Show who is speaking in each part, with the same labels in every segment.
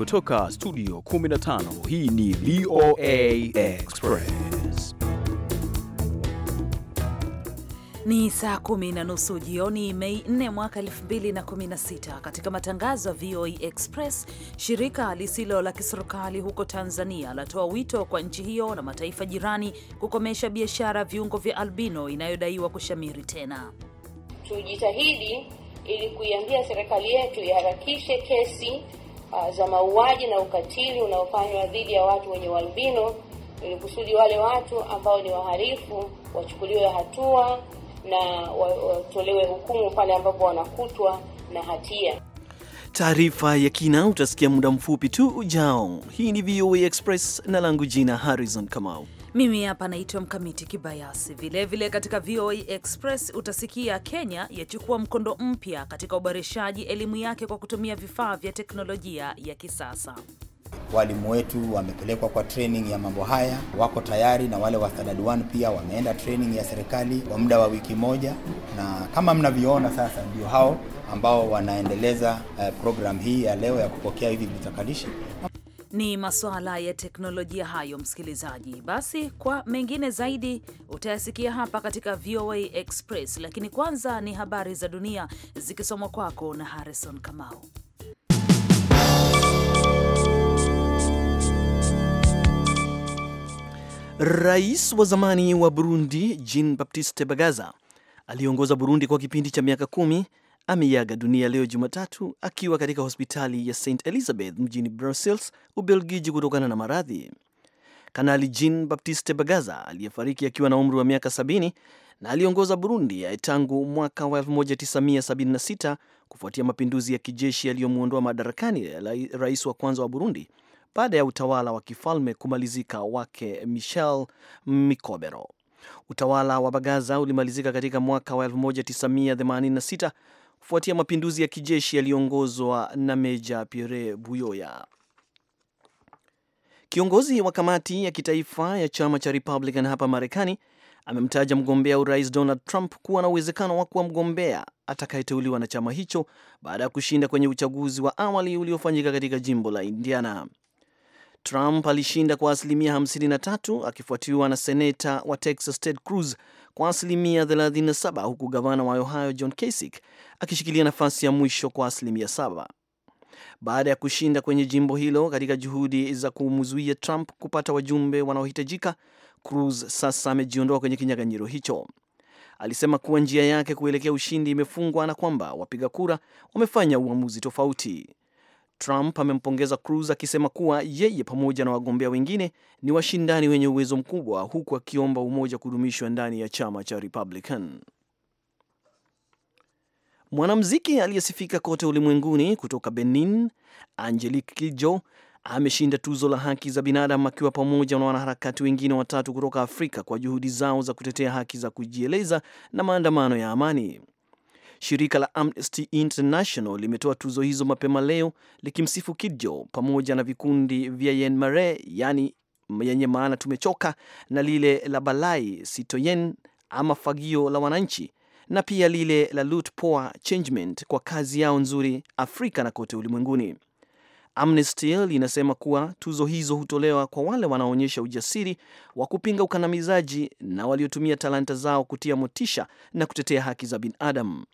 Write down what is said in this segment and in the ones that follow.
Speaker 1: Kutoka studio 15 hii ni VOA Express.
Speaker 2: Ni saa kumi na nusu jioni Mei 4 mwaka 2016. Katika matangazo ya VOA Express, shirika lisilo la kiserikali huko Tanzania latoa wito kwa nchi hiyo na mataifa jirani kukomesha biashara viungo vya albino inayodaiwa kushamiri tena.
Speaker 3: Tujitahidi ili kuiambia serikali yetu iharakishe kesi Ah, za mauaji na ukatili unaofanywa dhidi ya watu wenye ualbino ili kusudi wale watu ambao ni waharifu wachukuliwe hatua na watolewe hukumu pale ambapo wanakutwa na hatia.
Speaker 1: Taarifa ya kina utasikia muda mfupi tu ujao. Hii ni VOA Express na langu jina Harrison Kamau.
Speaker 2: Mimi hapa naitwa Mkamiti Kibayasi. Vilevile katika VOA Express utasikia Kenya yachukua mkondo mpya katika uboreshaji elimu yake kwa kutumia vifaa vya teknolojia ya kisasa.
Speaker 4: Walimu wetu wamepelekwa kwa training ya mambo haya, wako tayari, na wale wa standard 1 pia wameenda training ya serikali kwa muda wa wiki moja, na kama mnavyoona sasa ndio hao ambao wanaendeleza eh, program hii ya leo ya kupokea hivi vitakalishi
Speaker 2: ni masuala ya teknolojia hayo, msikilizaji. Basi kwa mengine zaidi utayasikia hapa katika VOA Express, lakini kwanza ni habari za dunia zikisomwa kwako na Harrison Kamau.
Speaker 1: Rais wa zamani wa Burundi Jean Baptiste Bagaza aliongoza Burundi kwa kipindi cha miaka kumi ameiaga dunia leo Jumatatu akiwa katika hospitali ya St Elizabeth mjini Brussels, Ubelgiji, kutokana na maradhi. Kanali Jean Baptiste Bagaza aliyefariki akiwa na umri wa miaka 70 na aliongoza Burundi tangu mwaka wa 1976 kufuatia mapinduzi ya kijeshi yaliyomwondoa madarakani rais wa kwanza wa Burundi baada ya utawala wa kifalme kumalizika wake Michel Mikobero. Utawala wa Bagaza ulimalizika katika mwaka wa 1986 kufuatia mapinduzi ya kijeshi yaliyoongozwa na Meja Pierre Buyoya. Kiongozi wa kamati ya kitaifa ya chama cha Republican hapa Marekani amemtaja mgombea urais Donald Trump kuwa na uwezekano wa kuwa mgombea atakayeteuliwa na chama hicho baada ya kushinda kwenye uchaguzi wa awali uliofanyika katika jimbo la Indiana. Trump alishinda kwa asilimia 53 akifuatiwa na seneta wa Texas Ted Cruz kwa asilimia 37 huku gavana wa Ohio John Kasich akishikilia nafasi ya mwisho kwa asilimia saba baada ya kushinda kwenye jimbo hilo katika juhudi za kumzuia Trump kupata wajumbe wanaohitajika. Cruz sasa amejiondoa kwenye kinyang'anyiro hicho. Alisema kuwa njia yake kuelekea ushindi imefungwa na kwamba wapiga kura wamefanya uamuzi tofauti. Trump amempongeza Cruz akisema kuwa yeye pamoja na wagombea wengine ni washindani wenye uwezo mkubwa, huku akiomba umoja kudumishwa ndani ya chama cha Republican. Mwanamuziki aliyesifika kote ulimwenguni kutoka Benin, Angelique Kidjo ameshinda tuzo la haki za binadamu akiwa pamoja na wanaharakati wengine watatu kutoka Afrika kwa juhudi zao za kutetea haki za kujieleza na maandamano ya amani. Shirika la Amnesty International limetoa tuzo hizo mapema leo likimsifu Kidjo pamoja na vikundi vya Yen Mare, yani yenye maana tumechoka, na lile la Balai Sitoyen ama fagio la wananchi, na pia lile la Lut Changement kwa kazi yao nzuri Afrika na kote ulimwenguni. Amnesty linasema kuwa tuzo hizo hutolewa kwa wale wanaoonyesha ujasiri wa kupinga ukandamizaji na waliotumia talanta zao kutia motisha na kutetea haki za binadamu.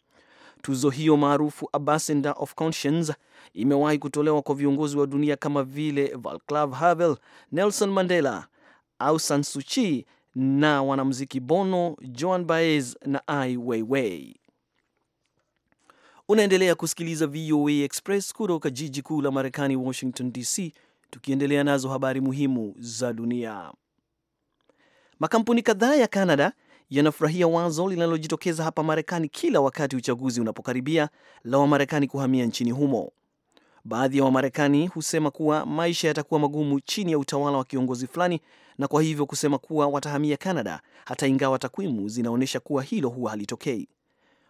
Speaker 1: Tuzo hiyo maarufu Ambassador of Conscience imewahi kutolewa kwa viongozi wa dunia kama vile Vaclav Havel, Nelson Mandela, Aung San Suu Kyi na wanamuziki Bono, Joan Baez na Ai Weiwei. Unaendelea kusikiliza VOA Express kutoka jiji kuu la Marekani, Washington DC, tukiendelea nazo habari muhimu za dunia. Makampuni kadhaa ya Canada yanafurahia wazo linalojitokeza hapa Marekani kila wakati uchaguzi unapokaribia la Wamarekani kuhamia nchini humo. Baadhi ya Wamarekani husema kuwa maisha yatakuwa magumu chini ya utawala wa kiongozi fulani, na kwa hivyo kusema kuwa watahamia canada hata ingawa takwimu zinaonyesha kuwa hilo huwa halitokei.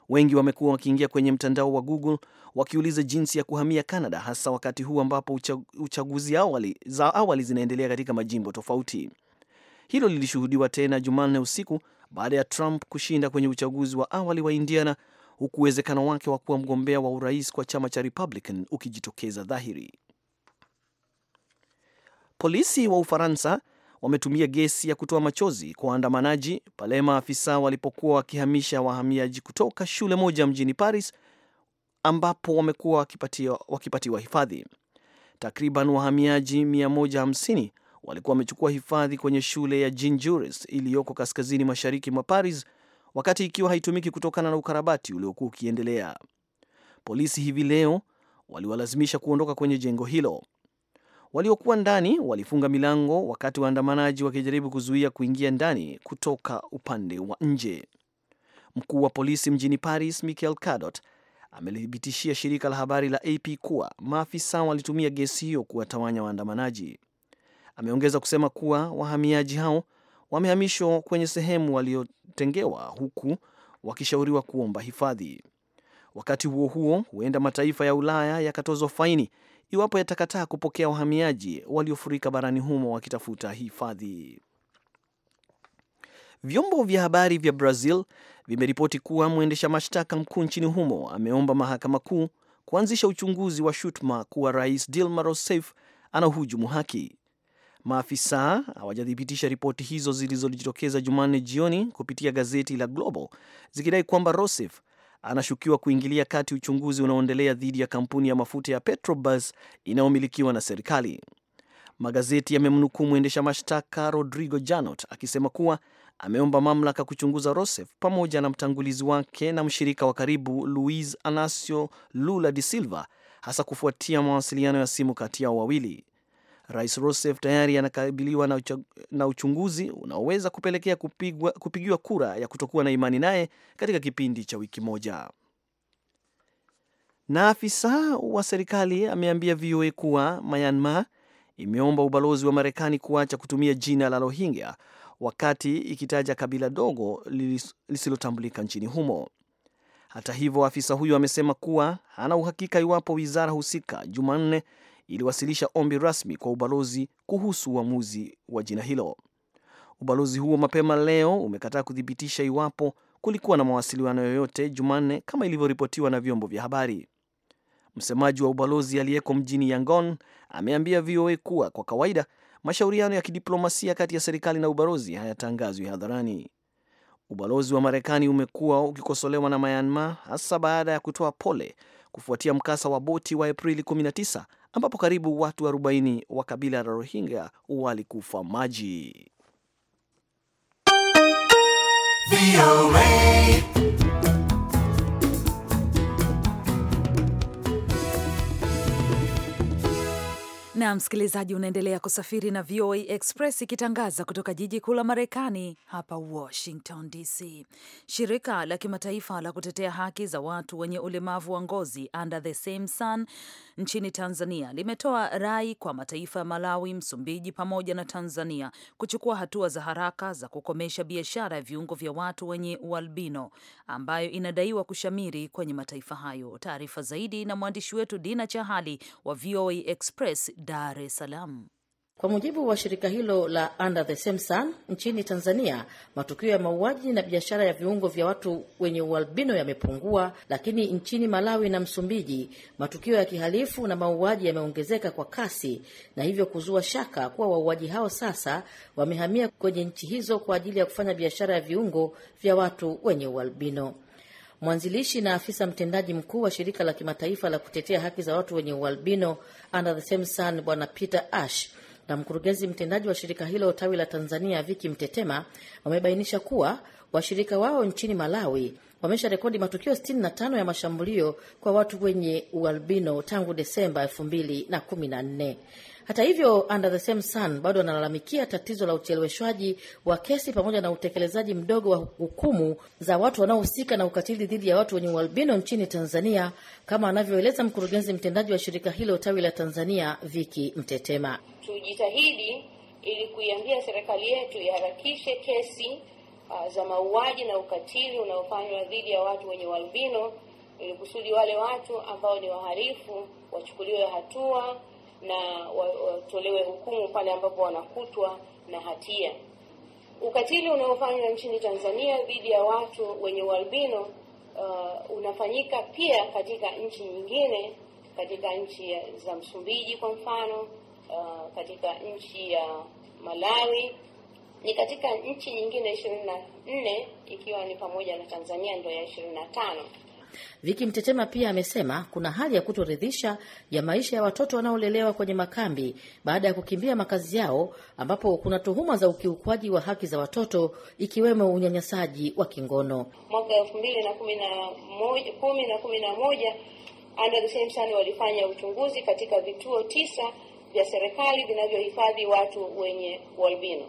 Speaker 1: Wengi wamekuwa wakiingia kwenye mtandao wa Google wakiuliza jinsi ya kuhamia canada hasa wakati huu ambapo uchaguzi awali, za awali zinaendelea katika majimbo tofauti. Hilo lilishuhudiwa tena Jumanne usiku baada ya Trump kushinda kwenye uchaguzi wa awali wa Indiana, huku uwezekano wake wa kuwa mgombea wa urais kwa chama cha Republican ukijitokeza dhahiri. Polisi wa Ufaransa wametumia gesi ya kutoa machozi kwa waandamanaji pale maafisa walipokuwa wakihamisha wahamiaji kutoka shule moja mjini Paris ambapo wamekuwa wakipatiwa hifadhi. Takriban wahamiaji 150 walikuwa wamechukua hifadhi kwenye shule ya Jean iliyoko kaskazini mashariki mwa Paris wakati ikiwa haitumiki kutokana na ukarabati uliokuwa ukiendelea. Polisi hivi leo waliwalazimisha kuondoka kwenye jengo hilo. Waliokuwa ndani walifunga milango wakati waandamanaji wakijaribu kuzuia kuingia ndani kutoka upande wa nje. Mkuu wa polisi mjini Paris, Michael Cadot, amelithibitishia shirika la habari la AP kuwa maafisa walitumia gesi hiyo kuwatawanya waandamanaji. Ameongeza kusema kuwa wahamiaji hao wamehamishwa kwenye sehemu waliotengewa huku wakishauriwa kuomba hifadhi. Wakati huo huo, huenda mataifa ya Ulaya yakatozwa faini iwapo yatakataa kupokea wahamiaji waliofurika barani humo wakitafuta hifadhi. Vyombo vya habari vya Brazil vimeripoti kuwa mwendesha mashtaka mkuu nchini humo ameomba mahakama kuu kuanzisha uchunguzi wa shutuma kuwa Rais Dilma Rousseff anahujumu haki. Maafisa hawajathibitisha ripoti hizo zilizojitokeza Jumanne jioni kupitia gazeti la Global zikidai kwamba Rosef anashukiwa kuingilia kati uchunguzi unaoendelea dhidi ya kampuni ya mafuta ya Petrobras inayomilikiwa na serikali. Magazeti yamemnukuu mwendesha mashtaka Rodrigo Janot akisema kuwa ameomba mamlaka kuchunguza Rossef pamoja na mtangulizi wake na mshirika wa karibu Luis Anacio Lula de Silva, hasa kufuatia mawasiliano ya simu kati yao wawili. Rais Rousseff tayari anakabiliwa na uchunguzi unaoweza kupelekea kupigwa, kupigiwa kura ya kutokuwa na imani naye katika kipindi cha wiki moja. Na afisa wa serikali ameambia VOA kuwa Myanmar imeomba ubalozi wa Marekani kuacha kutumia jina la Rohingya wakati ikitaja kabila dogo lisilotambulika nchini humo. Hata hivyo, afisa huyo amesema kuwa hana uhakika iwapo wizara husika Jumanne iliwasilisha ombi rasmi kwa ubalozi kuhusu uamuzi wa, jina hilo. Ubalozi huo mapema leo umekataa kuthibitisha iwapo kulikuwa na mawasiliano yoyote Jumanne kama ilivyoripotiwa na vyombo vya habari. Msemaji wa ubalozi aliyeko mjini Yangon ameambia VOA kuwa kwa kawaida mashauriano ya kidiplomasia kati ya serikali na ubalozi hayatangazwi hadharani. Ubalozi wa Marekani umekuwa ukikosolewa na Myanmar hasa baada ya kutoa pole kufuatia mkasa wa boti wa Aprili 19 ambapo karibu watu 40 wa kabila la Rohingya walikufa maji.
Speaker 2: na msikilizaji, unaendelea kusafiri na VOA Express ikitangaza kutoka jiji kuu la Marekani, hapa Washington DC. Shirika la kimataifa la kutetea haki za watu wenye ulemavu wa ngozi Under the Same Sun nchini Tanzania limetoa rai kwa mataifa ya Malawi, Msumbiji pamoja na Tanzania kuchukua hatua za haraka za kukomesha biashara ya viungo vya watu wenye ualbino ambayo inadaiwa kushamiri kwenye mataifa hayo. Taarifa zaidi na mwandishi wetu Dina Chahali wa VOA Express Dar es Salaam.
Speaker 5: Kwa mujibu wa shirika hilo la Under the Same Sun nchini Tanzania, matukio ya mauaji na biashara ya viungo vya watu wenye ualbino yamepungua, lakini nchini Malawi na Msumbiji matukio ya kihalifu na mauaji yameongezeka kwa kasi, na hivyo kuzua shaka kuwa wauaji hao sasa wamehamia kwenye nchi hizo kwa ajili ya kufanya biashara ya viungo vya watu wenye ualbino. Mwanzilishi na afisa mtendaji mkuu wa shirika la kimataifa la kutetea haki za watu wenye ualbino Under the Same Sun, Bwana Peter Ash na mkurugenzi mtendaji wa shirika hilo tawi la Tanzania Viki Mtetema wamebainisha kuwa washirika wao nchini Malawi wamesha rekodi matukio 65 ya mashambulio kwa watu wenye ualbino tangu Desemba 2014. Hata hivyo, Under the Same Sun bado wanalalamikia tatizo la ucheleweshwaji wa kesi pamoja na utekelezaji mdogo wa hukumu za watu wanaohusika na ukatili dhidi ya watu wenye ualbino nchini Tanzania, kama anavyoeleza mkurugenzi mtendaji wa shirika hilo tawi la Tanzania, Viki Mtetema.
Speaker 3: Tujitahidi ili kuiambia serikali yetu iharakishe kesi uh, za mauaji na ukatili unaofanywa dhidi ya watu wenye ualbino ili kusudi wale watu ambao ni waharifu wachukuliwe hatua na watolewe hukumu pale ambapo wanakutwa na hatia. Ukatili unaofanywa nchini Tanzania dhidi ya watu wenye ualbino uh, unafanyika pia katika nchi nyingine, katika nchi za Msumbiji kwa mfano, uh, katika nchi ya Malawi, ni katika nchi nyingine ishirini na nne ikiwa ni pamoja na Tanzania ndio ya ishirini na tano.
Speaker 5: Viki Mtetema pia amesema kuna hali ya kutoridhisha ya maisha ya watoto wanaolelewa kwenye makambi baada ya kukimbia makazi yao, ambapo kuna tuhuma za ukiukwaji wa haki za watoto ikiwemo unyanyasaji wa kingono.
Speaker 3: Mwaka elfu mbili na kumi na moja, kumi na kumi na moja under the same sun walifanya uchunguzi katika vituo tisa vya serikali vinavyohifadhi watu wenye ualbino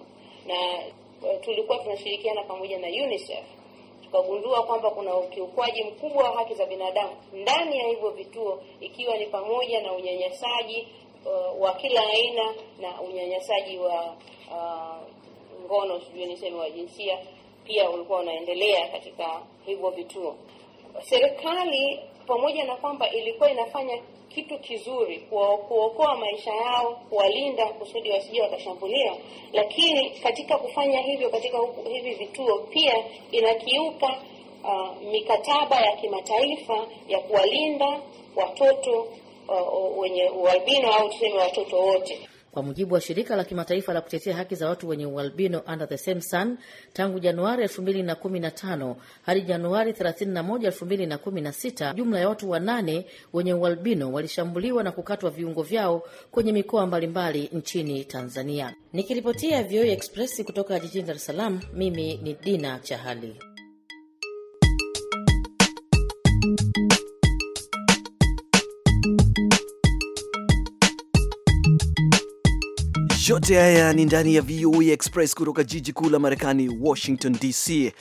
Speaker 3: na eh, tulikuwa tunashirikiana pamoja na UNICEF tukagundua kwamba kuna ukiukwaji mkubwa wa haki za binadamu ndani ya hivyo vituo, ikiwa ni pamoja na unyanyasaji uh, wa kila aina na unyanyasaji wa uh, ngono, sijui niseme wa jinsia, pia ulikuwa unaendelea katika hivyo vituo. Serikali pamoja na kwamba ilikuwa inafanya kitu kizuri, kuokoa maisha yao, kuwalinda kusudi wasije wakashambuliwa. Lakini katika kufanya hivyo katika hivi vituo pia inakiuka uh, mikataba ya kimataifa ya kuwalinda watoto uh, wenye ualbino au tuseme watoto wote.
Speaker 5: Kwa mujibu wa shirika la kimataifa la kutetea haki za watu wenye ualbino Under the Same Sun, tangu Januari 2015 hadi Januari 31, 2016, jumla ya watu wanane wenye ualbino walishambuliwa na kukatwa viungo vyao kwenye mikoa mbalimbali nchini Tanzania. Nikiripotia VOA Express kutoka jijini Dar es Salaam, mimi ni Dina Chahali.
Speaker 1: Yote haya ni ndani ya VOA e Express kutoka jiji kuu la Marekani, Washington DC.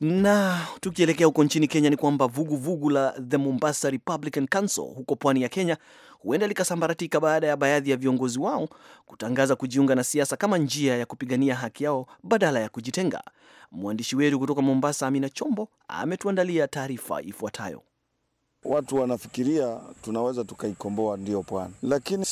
Speaker 1: Na tukielekea huko nchini Kenya, ni kwamba vuguvugu la The Mombasa Republican Council huko pwani ya Kenya huenda likasambaratika baada ya baadhi ya viongozi wao kutangaza kujiunga na siasa kama njia ya kupigania haki yao badala ya kujitenga. Mwandishi wetu kutoka Mombasa, Amina Chombo, ametuandalia taarifa ifuatayo. Watu wanafikiria tunaweza
Speaker 4: tukaikomboa ndiyo pwani,
Speaker 6: lakini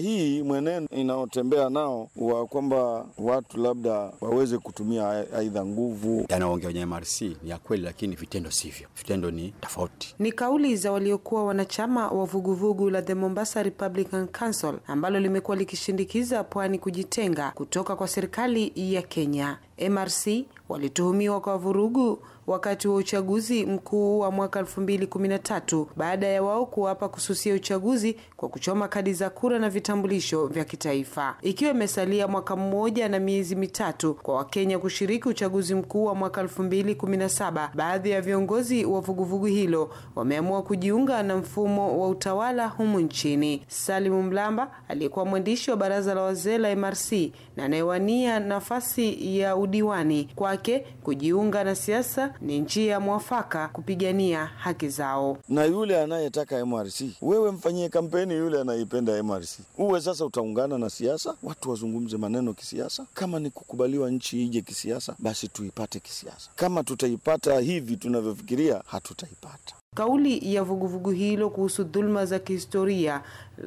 Speaker 6: hii mwenendo inaotembea nao wa kwamba watu labda waweze kutumia aidha nguvu.
Speaker 4: Yanaongea wenye MRC ni ya kweli, lakini vitendo sivyo, vitendo ni tofauti.
Speaker 7: Ni kauli za waliokuwa wanachama wa vuguvugu la The Mombasa Republican Council ambalo limekuwa likishindikiza pwani kujitenga kutoka kwa serikali ya Kenya. MRC walituhumiwa kwa vurugu wakati wa uchaguzi mkuu wa mwaka 2013 baada ya wao kuwapa kususia uchaguzi kwa kuchoma kadi za kura na vitambulisho vya kitaifa. Ikiwa imesalia mwaka mmoja na miezi mitatu kwa Wakenya kushiriki uchaguzi mkuu wa mwaka 2017, baadhi ya viongozi wa vuguvugu hilo wameamua kujiunga na mfumo wa utawala humu nchini. Salimu Mlamba aliyekuwa mwandishi wa baraza la wazee la MRC na anayewania nafasi ya udiwani kwa wake kujiunga na siasa ni njia mwafaka kupigania haki zao. Na yule anayetaka MRC, wewe
Speaker 6: mfanyie kampeni yule anayeipenda MRC. Uwe sasa utaungana na siasa, watu wazungumze maneno kisiasa. Kama ni kukubaliwa nchi ije kisiasa, basi tuipate kisiasa. Kama tutaipata hivi tunavyofikiria, hatutaipata.
Speaker 7: Kauli ya vuguvugu hilo kuhusu dhuluma za kihistoria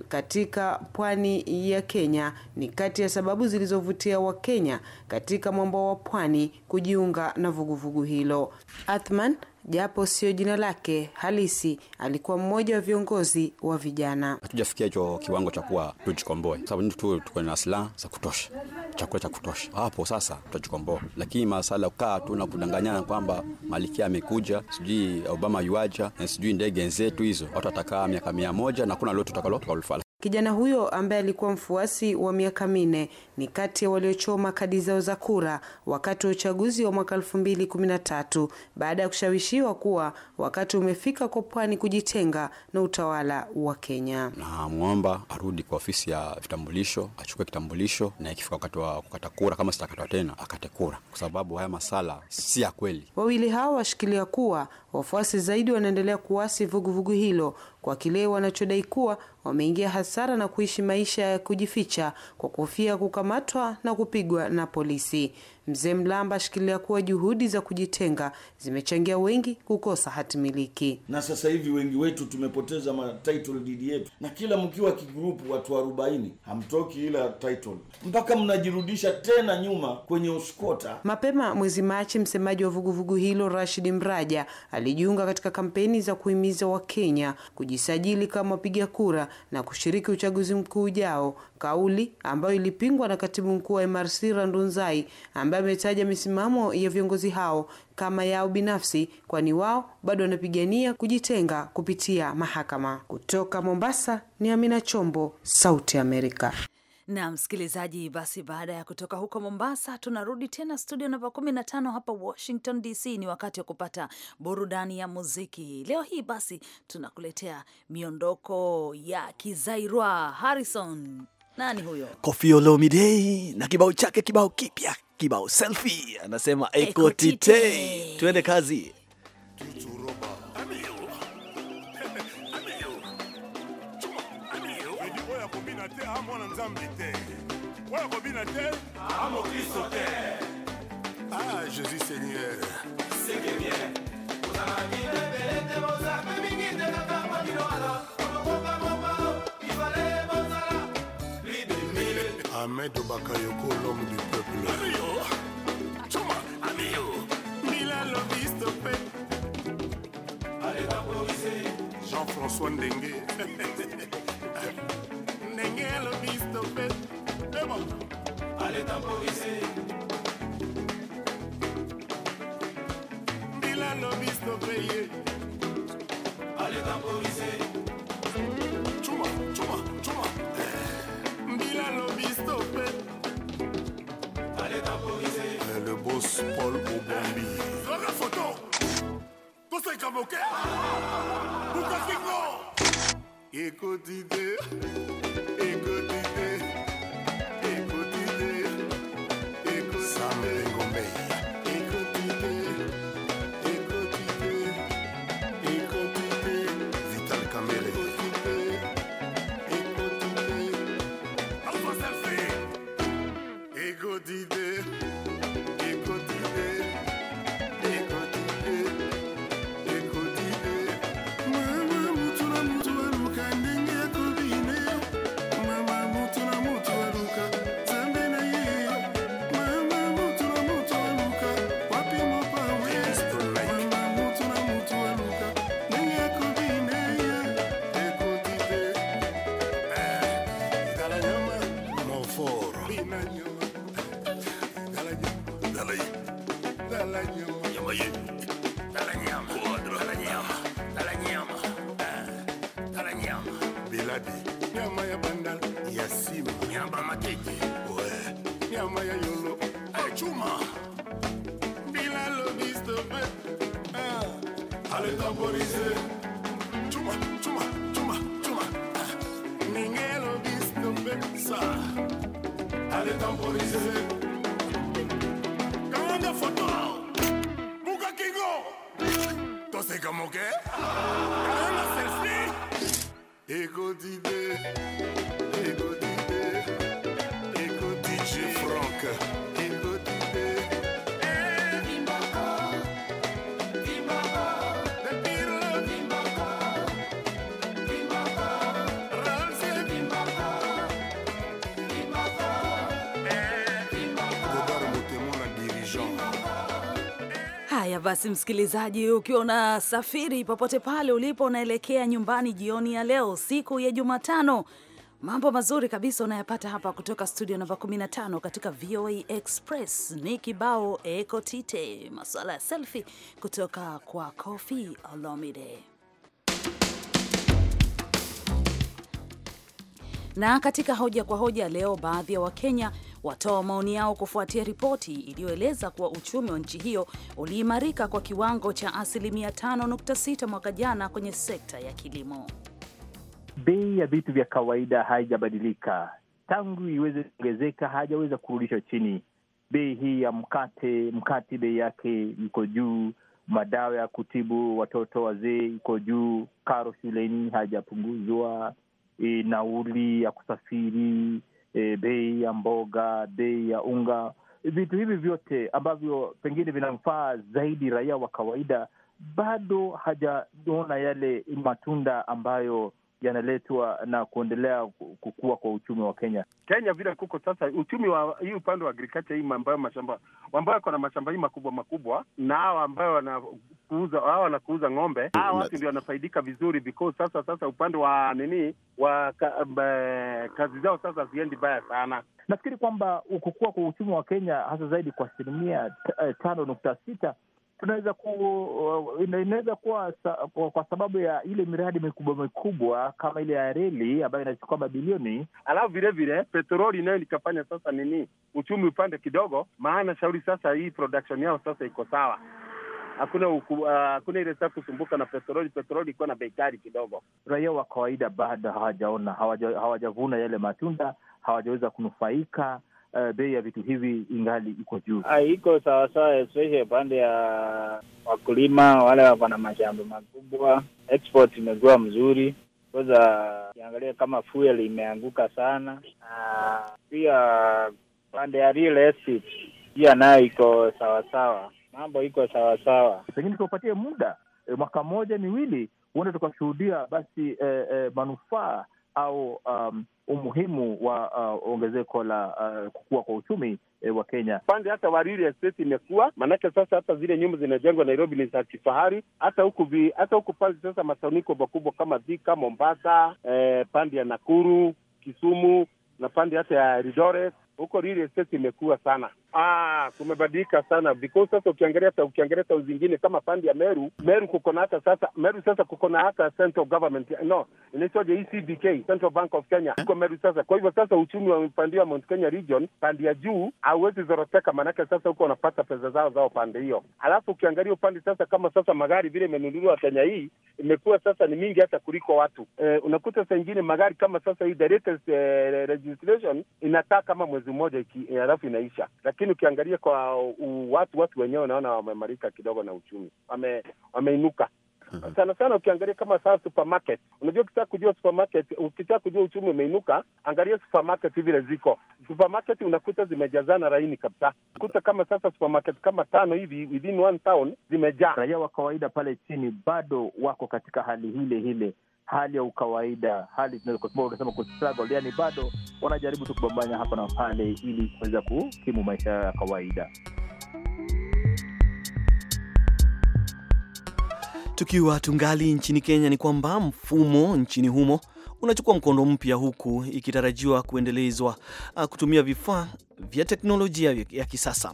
Speaker 7: katika pwani ya Kenya ni kati ya sababu zilizovutia Wakenya katika mwambao wa pwani kujiunga na vuguvugu hilo. Athman japo sio jina lake halisi, alikuwa mmoja wa viongozi wa vijana.
Speaker 4: Hatujafikia hicho kiwango cha kuwa tujikomboe, sababu tu tuko na silaha za kutosha, chakula cha kutosha, hapo sasa tutajikomboa. Lakini masala kaa tu na kudanganyana kwamba Malikia amekuja, sijui Obama yuaja, sijui ndege nzetu hizo, watu watakaa miaka mia moja na kuna lote tutakalo
Speaker 7: Kijana huyo ambaye alikuwa mfuasi wa miaka minne ni kati ya waliochoma kadi zao za kura wakati wa uchaguzi wa mwaka elfu mbili kumi na tatu baada ya kushawishiwa kuwa wakati umefika kwa pwani kujitenga na utawala wa Kenya.
Speaker 4: Namwomba arudi kwa ofisi ya vitambulisho, achukue kitambulisho, na ikifika wakati wa kukata kura, kama sitakatwa tena, akate kura, kwa sababu haya masala si ya kweli.
Speaker 7: Wawili hao washikilia kuwa Wafuasi zaidi wanaendelea kuwasi vuguvugu vugu hilo kwa kile wanachodai kuwa wameingia hasara na kuishi maisha ya kujificha kwa kufia kukamatwa na kupigwa na polisi. Mzee Mlamba ashikilia kuwa juhudi za kujitenga zimechangia wengi kukosa hati miliki,
Speaker 6: na sasa hivi wengi wetu tumepoteza title didi yetu, na kila mkiwa kigrupu watu arobaini hamtoki ila title, mpaka mnajirudisha tena nyuma kwenye uskota.
Speaker 7: Mapema mwezi Machi, msemaji wa vuguvugu hilo Rashid Mraja alijiunga katika kampeni za kuhimiza Wakenya kujisajili kama wapiga kura na kushiriki uchaguzi mkuu ujao, kauli ambayo ilipingwa na katibu mkuu wa MRC Randunzai ambaye ametaja misimamo ya viongozi hao kama yao binafsi, kwani wao bado wanapigania kujitenga kupitia mahakama. Kutoka Mombasa ni Amina Chombo, Sauti Amerika.
Speaker 2: Na msikilizaji, basi baada ya kutoka huko Mombasa, tunarudi tena studio namba 15 hapa Washington DC. Ni wakati wa kupata burudani ya muziki leo hii. Basi tunakuletea miondoko ya Kizairwa Harrison nani huyo?
Speaker 1: Kofi Olomide na kibao chake, kibao kipya, kibao selfie, anasema ekotite. Tuende kazi.
Speaker 8: Ah, Jésus Seigneur. C'est que bien. la vie. Ahmed Bakayoko, l'homme du peuple. Amigo, chuma, amigo, Mila Lovistope. Allez vaporiser. Jean-François Ndengue. Ndengue Lovistope. C'est bon. Allez temporiser. Mila Lovistope. Allez temporiser. yama yolo hey chuma bila lobi stupid ah eh, eh. ale tamborize chuma chuma chuma chuma eh. ninge visto, stupid sa ale tamborize kanda foto buka kingo tose kamo ke kanda selfie ego dide ego dide
Speaker 2: Basi msikilizaji, ukiwa unasafiri popote pale ulipo, unaelekea nyumbani jioni ya leo, siku ya Jumatano Mambo mazuri kabisa unayapata hapa kutoka studio namba 15 katika VOA Express. Ni kibao ekotite, masuala ya selfie kutoka kwa Kofi Olomide. Na katika hoja kwa hoja leo, baadhi ya Wakenya watoa maoni yao kufuatia ripoti iliyoeleza kuwa uchumi wa nchi hiyo uliimarika kwa kiwango cha asilimia 5.6 mwaka jana kwenye sekta ya kilimo
Speaker 6: bei ya vitu vya kawaida haijabadilika tangu iweze kuongezeka, hajaweza kurudisha chini. Bei hii ya mkate, mkate bei yake iko juu, madawa ya kutibu watoto wazee iko juu, karo shuleni hajapunguzwa, e, nauli ya kusafiri, e, bei ya mboga, bei ya unga, vitu hivi vyote ambavyo pengine vinamfaa zaidi raia wa kawaida, bado hajaona yale matunda ambayo yanaletwa na kuendelea kukua kwa uchumi wa Kenya.
Speaker 8: Kenya vile kuko sasa, uchumi wa hii upande wa agriculture hii ambayo mashamba ambayo iko na mashamba hii makubwa makubwa, na hawa ambayo wanakuuza hawa wanakuuza ng'ombe, mm, hawa watu ndio wanafaidika vizuri, because sasa sasa upande wa nini wa ka, mbe, kazi zao sasa ziendi baya sana.
Speaker 6: Nafikiri kwamba kukua kwa uchumi wa Kenya hasa zaidi kwa asilimia eh, tano nukta sita tunaweza ku uh, inaweza kuwa kwa sababu ya ile miradi mikubwa mikubwa kama ile ya reli
Speaker 8: ambayo inachukua mabilioni, alafu vilevile petroli nayo nikafanya sasa nini uchumi upande kidogo, maana shauri sasa hii production yao sasa iko sawa hakuna uh, hakuna uh, ile saa kusumbuka na petroli. Petroli ilikuwa na bei kali kidogo. Raia wa kawaida bado
Speaker 6: hawajaona, hawajavuna yale matunda, hawajaweza kunufaika uh, bei ya vitu hivi ingali iko juu, ah, iko sawasawa, especially upande ya wakulima wale wako na mashamba makubwa. Export imekuwa mzuri kwanza, ukiangalia kama fuel imeanguka sana, na pia pande ya real estate pia nayo iko sawasawa, mambo iko sawasawa. Pengine tuwapatie muda e, mwaka mmoja miwili, huenda tukashuhudia basi e, e, manufaa au um, umuhimu wa uh, ongezeko la uh, kukua kwa uchumi
Speaker 8: eh, wa Kenya pande hata wa real estate imekuwa, maanake sasa hata zile nyumba zinajengwa Nairobi ni za kifahari, hata huku hata huku pande sasa matauniko makubwa kama Thika, Mombasa, eh, pande ya Nakuru, Kisumu na pande hata ya Eldoret, huko real estate imekuwa sana. Ah, kumebadilika sana because sasa ukiangalia ukiangalia tau zingine kama pande ya Meru, Meru kuko na hata sasa Meru sasa kuko na hata central government no, inaitwa the ECBK, Central Bank of Kenya kuko Meru sasa. Kwa hivyo sasa uchumi wa pande ya Mount Kenya region, pande ya juu hauwezi zoroteka, maanake sasa huko wanapata pesa zao zao pande hiyo. Alafu ukiangalia upande sasa, kama sasa magari vile imenunuliwa Kenya hii imekuwa sasa ni mingi hata kuliko watu eh, unakuta saa ingine magari kama sasa hii the latest eh, registration inataka kama mwezi mmoja iki, eh, alafu inaisha Laki lakini ukiangalia kwa u, watu watu wenyewe unaona wamemarika kidogo na uchumi wame, wameinuka Mm-hmm. Sana sana ukiangalia kama saa supermarket, unajua ukitaka kujua supermarket, ukitaka kujua uchumi umeinuka, angalia supermarket vile ziko. Supermarket unakuta zimejazana laini kabisa, kuta kama sasa supermarket kama tano hivi within one town zimejaa. Raia wa kawaida pale chini bado wako katika hali hile hile hali ya ukawaida, hali
Speaker 6: tunasema yani bado wanajaribu tu kubambanya hapa na pale ili kuweza kukimu maisha ya kawaida.
Speaker 1: Tukiwa tungali nchini Kenya, ni kwamba mfumo nchini humo unachukua mkondo mpya, huku ikitarajiwa kuendelezwa ah, kutumia vifaa vya teknolojia ya kisasa.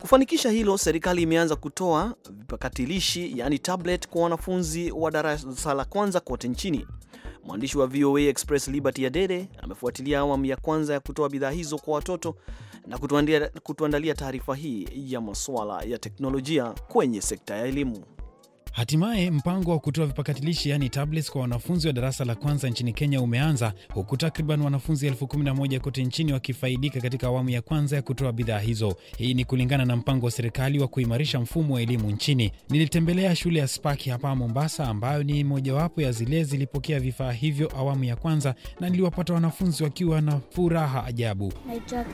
Speaker 1: Kufanikisha hilo, serikali imeanza kutoa vipakatilishi, yani tablet, kwa wanafunzi wa darasa la kwanza kote nchini. Mwandishi wa VOA Express Liberty Adede amefuatilia awamu ya kwanza ya kutoa bidhaa hizo kwa watoto na kutuandalia taarifa hii ya masuala ya teknolojia kwenye sekta ya elimu.
Speaker 9: Hatimaye mpango wa kutoa vipakatilishi yaani tablets kwa wanafunzi wa darasa la kwanza nchini Kenya umeanza huku takriban wanafunzi elfu kumi na moja kote nchini wakifaidika katika awamu ya kwanza ya kutoa bidhaa hizo. Hii ni kulingana na mpango wa serikali wa kuimarisha mfumo wa elimu nchini. Nilitembelea shule ya Spaki hapa Mombasa, ambayo ni mojawapo ya zile zilipokea vifaa hivyo awamu ya kwanza, na niliwapata wanafunzi wakiwa na furaha ajabu.
Speaker 5: Naitwa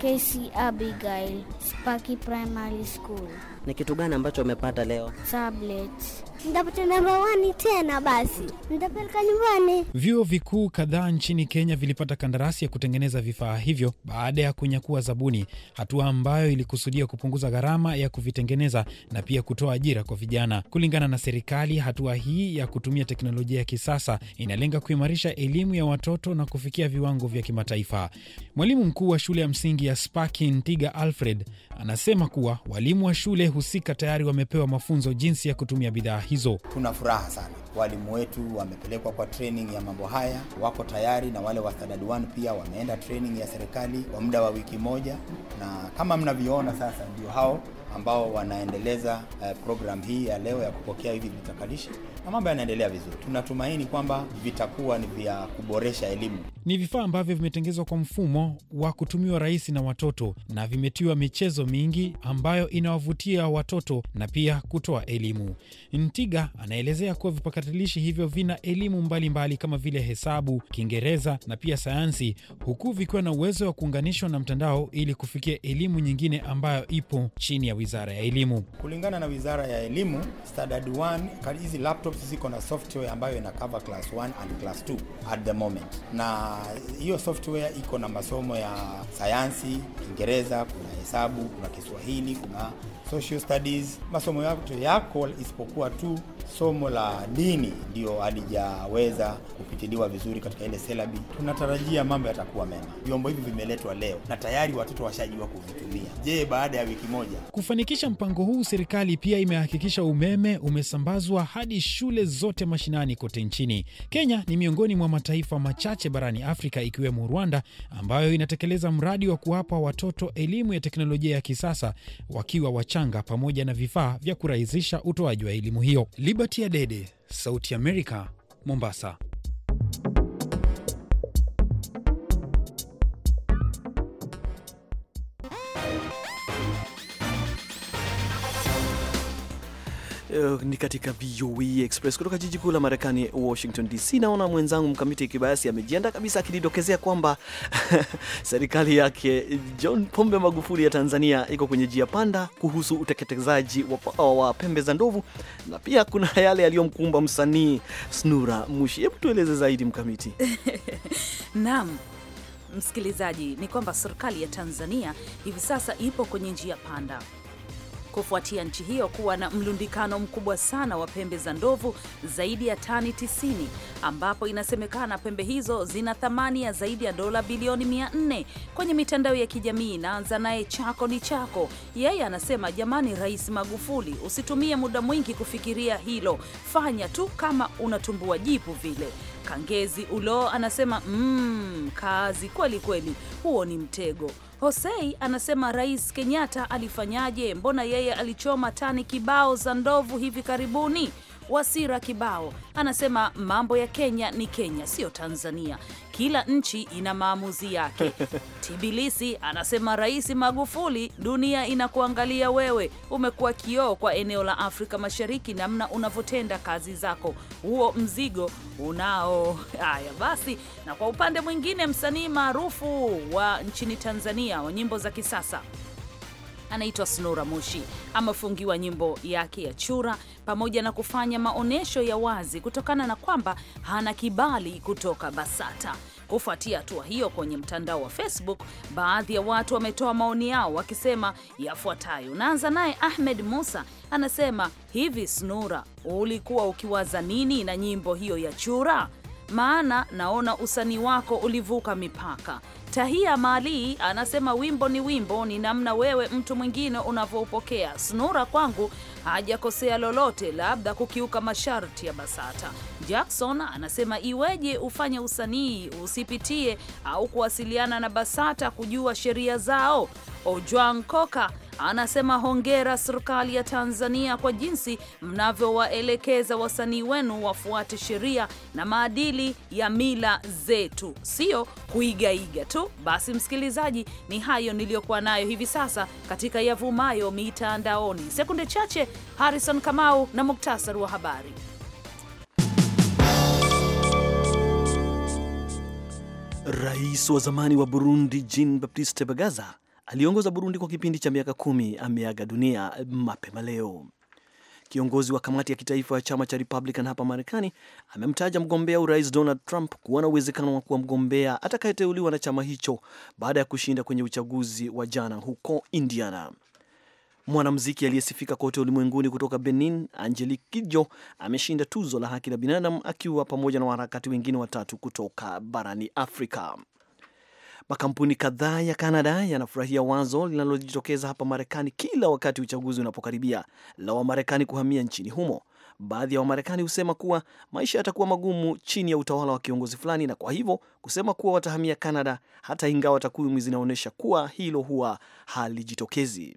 Speaker 5: Abigail, Spaki Primary School.
Speaker 9: Ni kitu gani ambacho umepata leo?
Speaker 5: Tablets.
Speaker 7: Nitapata namba wani tena basi nitapeleka nyumbani.
Speaker 9: Vyuo vikuu kadhaa nchini Kenya vilipata kandarasi ya kutengeneza vifaa hivyo baada ya kunyakua zabuni, hatua ambayo ilikusudia kupunguza gharama ya kuvitengeneza na pia kutoa ajira kwa vijana. Kulingana na serikali, hatua hii ya kutumia teknolojia ya kisasa inalenga kuimarisha elimu ya watoto na kufikia viwango vya kimataifa. Mwalimu mkuu wa shule ya msingi ya Sparky Tiga Alfred anasema kuwa walimu wa shule husika tayari wamepewa mafunzo jinsi ya kutumia bidhaa hizo.
Speaker 4: Tuna furaha sana, walimu wetu wamepelekwa kwa training ya mambo haya, wako tayari, na wale wa standard 1 pia wameenda training ya serikali kwa muda wa wiki moja, na kama mnavyoona sasa, ndio hao ambao wanaendeleza uh, eh, programu hii ya leo ya kupokea hivi vitakalishi na mambo yanaendelea vizuri. Tunatumaini kwamba vitakuwa ni vya kuboresha elimu.
Speaker 9: Ni vifaa ambavyo vimetengezwa kwa mfumo wa kutumiwa rahisi na watoto na vimetiwa michezo mingi ambayo inawavutia watoto na pia kutoa elimu. Ntiga anaelezea kuwa vipakatilishi hivyo vina elimu mbalimbali mbali kama vile hesabu, Kiingereza na pia sayansi, huku vikiwa na uwezo wa kuunganishwa na mtandao ili kufikia elimu nyingine ambayo ipo chini ya wizara ya elimu.
Speaker 4: Kulingana na wizara ya elimu, standard 1 hizi laptops ziko na software ambayo ina cover class 1 and class 2 at the moment, na hiyo software iko na masomo ya sayansi, Kiingereza, kuna hesabu, kuna Kiswahili, kuna social studies, masomo yote yako, isipokuwa tu somo la dini ndio halijaweza kupitiliwa vizuri katika ile selabi. Tunatarajia mambo yatakuwa mema. Vyombo hivi vimeletwa leo na tayari watoto washajua kuvitumia. Je, baada ya wiki moja
Speaker 9: Kufanikisha mpango huu, serikali pia imehakikisha umeme umesambazwa hadi shule zote mashinani kote nchini. Kenya ni miongoni mwa mataifa machache barani Afrika ikiwemo Rwanda ambayo inatekeleza mradi wa kuwapa watoto elimu ya teknolojia ya kisasa wakiwa wachanga pamoja na vifaa vya kurahisisha utoaji wa elimu hiyo. Liberty Adede, Sauti Amerika, Mombasa.
Speaker 1: Uh, ni katika VOA e Express kutoka jiji kuu la Marekani Washington DC. Naona mwenzangu Mkamiti Kibayasi amejiandaa kabisa akinidokezea kwamba serikali yake John Pombe Magufuli ya Tanzania iko kwenye njia panda kuhusu uteketezaji wa, wa pembe za ndovu na pia kuna yale yaliyomkumba msanii Snura Mushi. Hebu tueleze zaidi Mkamiti.
Speaker 2: Naam. Msikilizaji, ni kwamba serikali ya Tanzania hivi sasa ipo kwenye njia panda kufuatia nchi hiyo kuwa na mlundikano mkubwa sana wa pembe za ndovu zaidi ya tani 90 ambapo inasemekana pembe hizo zina thamani ya zaidi ya dola bilioni 400. Kwenye mitandao ya kijamii inaanza naye chako ni chako, yeye anasema jamani, Rais Magufuli, usitumie muda mwingi kufikiria hilo, fanya tu kama unatumbua jipu vile. Kangezi Ulo anasema mmm, kazi kweli kweli, huo ni mtego. Hosei anasema Rais Kenyatta alifanyaje? Mbona yeye alichoma tani kibao za ndovu hivi karibuni? Wasira Kibao anasema mambo ya Kenya ni Kenya, sio Tanzania. Kila nchi ina maamuzi yake. Tibilisi anasema Rais Magufuli, dunia inakuangalia wewe, umekuwa kioo kwa eneo la Afrika Mashariki, namna unavyotenda kazi zako, huo mzigo unao. Haya basi, na kwa upande mwingine, msanii maarufu wa nchini Tanzania wa nyimbo za kisasa anaitwa Snura Mushi amefungiwa nyimbo yake ya Chura pamoja na kufanya maonyesho ya wazi kutokana na kwamba hana kibali kutoka BASATA. Kufuatia hatua hiyo, kwenye mtandao wa Facebook baadhi ya watu wametoa maoni yao wakisema yafuatayo. Naanza naye Ahmed Musa anasema hivi, Snura ulikuwa ukiwaza nini na nyimbo hiyo ya Chura? maana naona usanii wako ulivuka mipaka. Tahia Mali anasema wimbo ni wimbo, ni namna wewe mtu mwingine unavyoupokea. Snura kwangu hajakosea lolote, labda kukiuka masharti ya BASATA. Jackson anasema iweje ufanye usanii usipitie au kuwasiliana na BASATA kujua sheria zao. Ojwang Koka anasema hongera serikali ya Tanzania kwa jinsi mnavyowaelekeza wasanii wenu wafuate sheria na maadili ya mila zetu, sio kuigaiga tu. Basi msikilizaji, ni hayo niliyokuwa nayo hivi sasa katika yavumayo mitandaoni. Sekunde chache, Harrison Kamau na muktasari wa
Speaker 5: habari.
Speaker 1: Rais wa zamani wa Burundi Jean Baptiste Bagaza aliongoza Burundi kwa kipindi cha miaka kumi ameaga dunia mapema leo. Kiongozi wa kamati ya kitaifa ya chama cha Republican hapa Marekani amemtaja mgombea urais Donald Trump kuwa na uwezekano wa kuwa mgombea atakayeteuliwa na chama hicho baada ya kushinda kwenye uchaguzi wa jana huko Indiana. Mwanamuziki aliyesifika kote ulimwenguni kutoka Benin, Angelique Kidjo ameshinda tuzo la haki la binadamu akiwa pamoja na waharakati wengine watatu kutoka barani Afrika. Makampuni kadhaa ya Kanada yanafurahia wazo linalojitokeza hapa Marekani kila wakati uchaguzi unapokaribia la Wamarekani kuhamia nchini humo. Baadhi ya Wamarekani husema kuwa maisha yatakuwa magumu chini ya utawala wa kiongozi fulani, na kwa hivyo kusema kuwa watahamia Kanada, hata ingawa takwimu zinaonyesha kuwa hilo huwa halijitokezi.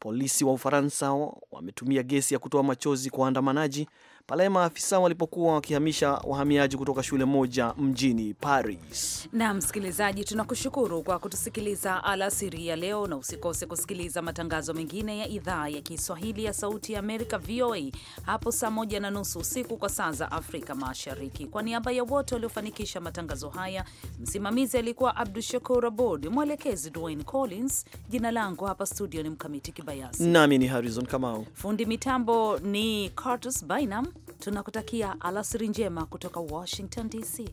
Speaker 1: Polisi wa Ufaransa wametumia gesi ya kutoa machozi kwa waandamanaji pale maafisa walipokuwa wakihamisha wahamiaji kutoka shule moja mjini
Speaker 2: Paris. Na msikilizaji, tunakushukuru kwa kutusikiliza alasiri ya leo, na usikose kusikiliza matangazo mengine ya idhaa ya Kiswahili ya Sauti ya Amerika, VOA, hapo saa moja na nusu usiku kwa saa za Afrika Mashariki. Kwa niaba ya wote waliofanikisha matangazo haya, msimamizi alikuwa Abdu Shakur Abod, mwelekezi Dwayne Collins, jina langu hapa studio ni Mkamiti Kibayasi
Speaker 1: nami ni Harrison Kamau,
Speaker 2: fundi mitambo ni Curtis Bynam. Tunakutakia alasiri njema kutoka Washington DC.